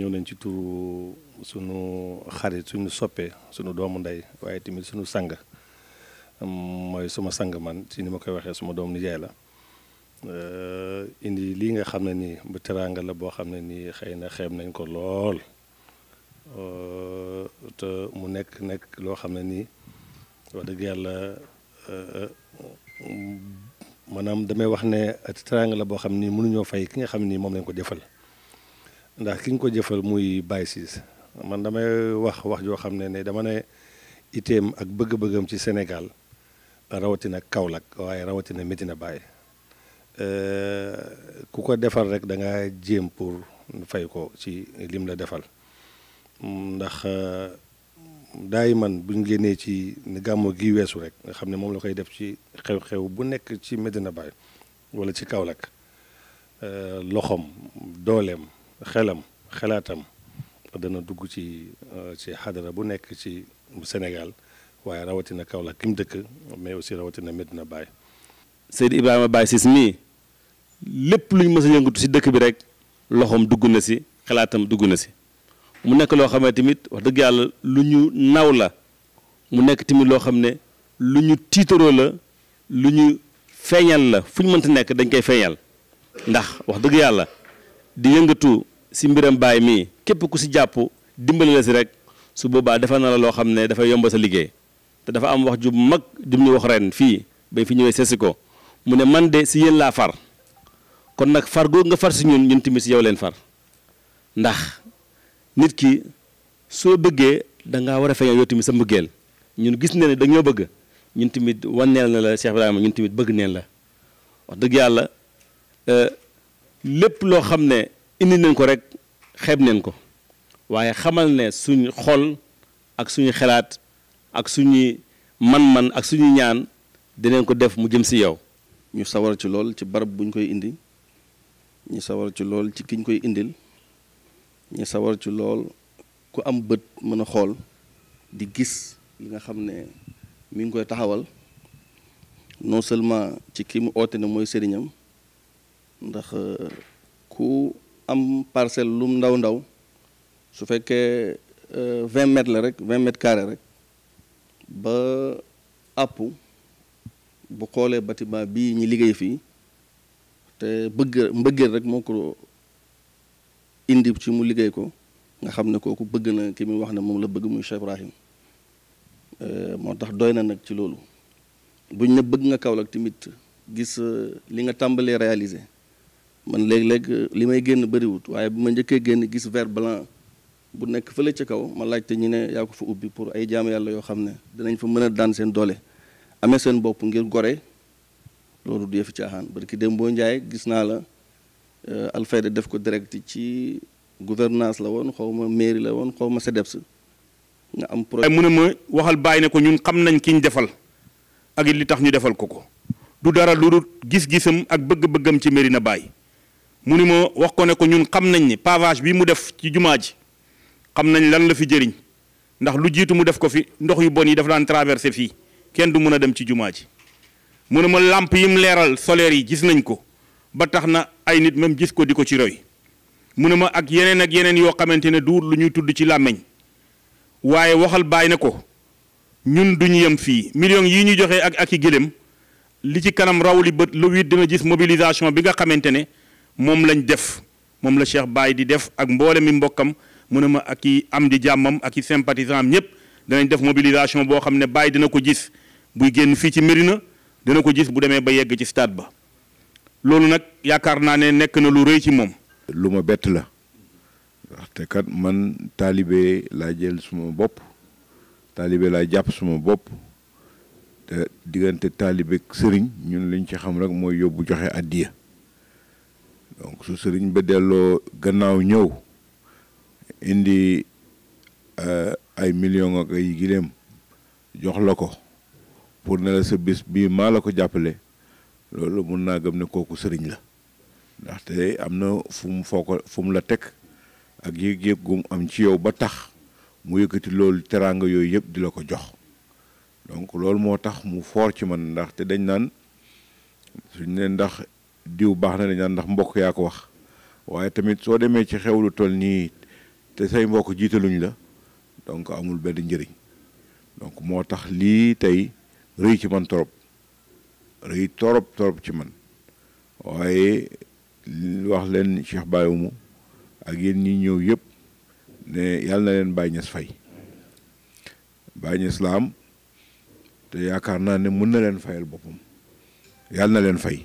ñëw nañ ci turu suñu xarit suñu soppee sunu doomu ndey waaye tamit suñu sang mooy suma sang man ci ni ma koy waxee suma doomu nijaay la euh, indi lii nga xam ne nii bu teraanga la boo xam ne nii xëy na xeeb nañ ko lool euh, mu nekk nekk loo xam ne nii wax euh, maanaam damay wax ne teraanga la boo xam ni mënuñoo fay ki nga xam ni moom lañ ko jëfal ndax kiñ ko jëfal muy Baye Ciss man damay wax wax joo xam ne ne dama ne iteem ak bëgg-bëggam ci senegal rawatina Kaolack waaye rawatina Medina Baye euh, ku ko defal rek da nga jéem pour fay ko ci lim la defal ndax euh, daay man buñ génnee ci gàmmu gi weesu rek nga xam ne moom la koy def ci xew-xew bu nekk ci Medina bay wala ci Kaolack euh, loxoom dooleem. xelam xalaatam dana dugg ci euh, ci xadara bu nekk ci senegal waaye rawatina Kaolack ki mu dëkk mais aussi rawatina Medina Baye. Seydou Ibrahima baay Ciss mii lépp lu ñu mës a yëngatu ci dëkk bi rek loxoom dugg na si xalaatam dugg na si mu nekk loo xam ne tamit wax dëgg yàlla lu ñu naw la mu nekk tamit loo xam ne lu ñu tiitaroo la lu ñu feeñal la fu ñu mënta nekk dañ koy feeñal ndax wax dëgg yàlla di yëngatu. si mbiram bay mi kep ku si japp dimbali la si rek su boba dafa na la lo xamne dafa yomba sa liggey te dafa am wax ju mag dimni wax ren fi bay fi ñewé sesiko ko mu ne man de si yeen la far kon nak far go nga far si ñun ñun tamit si yow leen far ndax nit ki so bëggee da nga wara fay yow tamit sa mbugel ñun gis ne da ñoo bëgg ñun tamit wanneel na la Cheikh Ibrahima ñun tamit bëgg neen la wax deug yalla euh lepp lo xamne indi nañ ko rek xeeb nañ ko waaye xamal ne suñu xool ak suñu xalaat ak suñuy man-man ak suñu ñaan dinañ ko def mu jëm si yow. ñu sawar ci lool ci barab buñ koy indi ñu sawar ci lool ci kiñ koy indil ñu sawar ci lool ku am bët mën a xool di gis li nga xam ne mu ngi koy taxawal non seulement ci ki mu oote ne mooy sëriñam ndax euh, ku. am parcelle lum ndaw ndaw su fekkee euh, vingt mètres la rek vingt mètres carré rek ba àpp bu xoolee bâtiment bii ñi liggéey fii te bëgg mbëggeel rek moo ko indi ci mu liggéey ko nga xam ne kooku bëgg na ki muy wax ne moom la bëgg muy Cheikh Ibrahim euh, moo tax doy na nag ci loolu buñ ne bëgg nga Kaolack tamit gis euh, li nga tàmbalee réaliser man léegi léeg euh, li may génn bëriwut waaye bu ma njëkkee génn gis vert blanc bu nekk fële ci kaw ma laajte ñu ne yaa ko fa ubbi pour ay jaam yàlla yoo xam ne dinañ fa mën a daan seen doole amee seen bopp ngir gore loolu du yëfi caaxaan barki dem boo njaay gis naa la euh, Alfayda def ko direct ci gouvernance la woon xaw mairie la woon xaw ma CDEPS nga am problème mu ne ma waxal bàyyi ne ko ñun xam nañ ki ñu defal ak it li tax ñu defal ko ko du dara lu dul gis-gisam ak bëgg-bëggam ci Médina Baye mu ni ma wax ko ne ko ñun xam nañ ni pavage bi mu def ci jumaa ji xam nañ lan la fi jëriñ ndax lu jiitu mu def ko fi ndox yu bon yi dafa daan traversé fii kenn du mën a dem ci jumaa ji mu ne ma làmp yim leeral solaire yi gis nañ ko ba tax na ay nit moom gis ko di ko ci roy mu ne ma ak yeneen ak yeneen yoo xamante ne duur lu ñuy tudd ci làmmeñ waaye waxal bàyyi na ko ñun duñu yem fii millions yi ñuy joxe ak ak i gëlëm li ci kanam raw li bët le huit gis mobilisation bi nga xamante ne moom lañ def moom la Cheikh bàyyi di def ak mboole mi mbokkam mu ne ma ak i am di jàmmam ak yi sympathisant am ñëpp danañ def mobilisation boo xam ne bàyyi dina ko gis buy génn fii ci Médina dina ko gis bu demee ba yegg ci stade ba loolu nag yaakaar naa ne nekk na lu rëy ci moom. lu ma bett la ndaxte kat man taalibe laa jël suma bopp taalibe laa jàpp suma bopp te diggante taalibe sëriñ ñun liñ ci xam rek mooy yóbbu joxe addiya donc su sëriñ ba delloo gannaaw ñëw indi euh, ay millions ak ay gileem jox la ko pour ne la sa bis bii maa la ko jàppale loolu mun naa gëm ne kooku sëriñ la ndaxte am na fu foo ko fu la teg ak yëg-yëg am ci yow ba tax mu yëkkati loolu teraanga yooyu yëpp di la ko jox donk loolu moo tax mu foor ci man ndaxte dañ naan suñ ne ndax diw baax na dañ naan ndax mbokk yaa ko wax waaye tamit soo demee ci xew lu toll nii te say mbokk jiitaluñ la donc amul benn njëriñ donc moo tax lii tey rëy ci man torop rëy torop torop ci man waaye wax leen Cheikh Baye Oumou ak yéen ñi ñëw yëpp ne yàlla na leen Baye Niass fay Baye Niass la am te yaakaar naa ne mën na leen fayal boppam yàlla na leen fay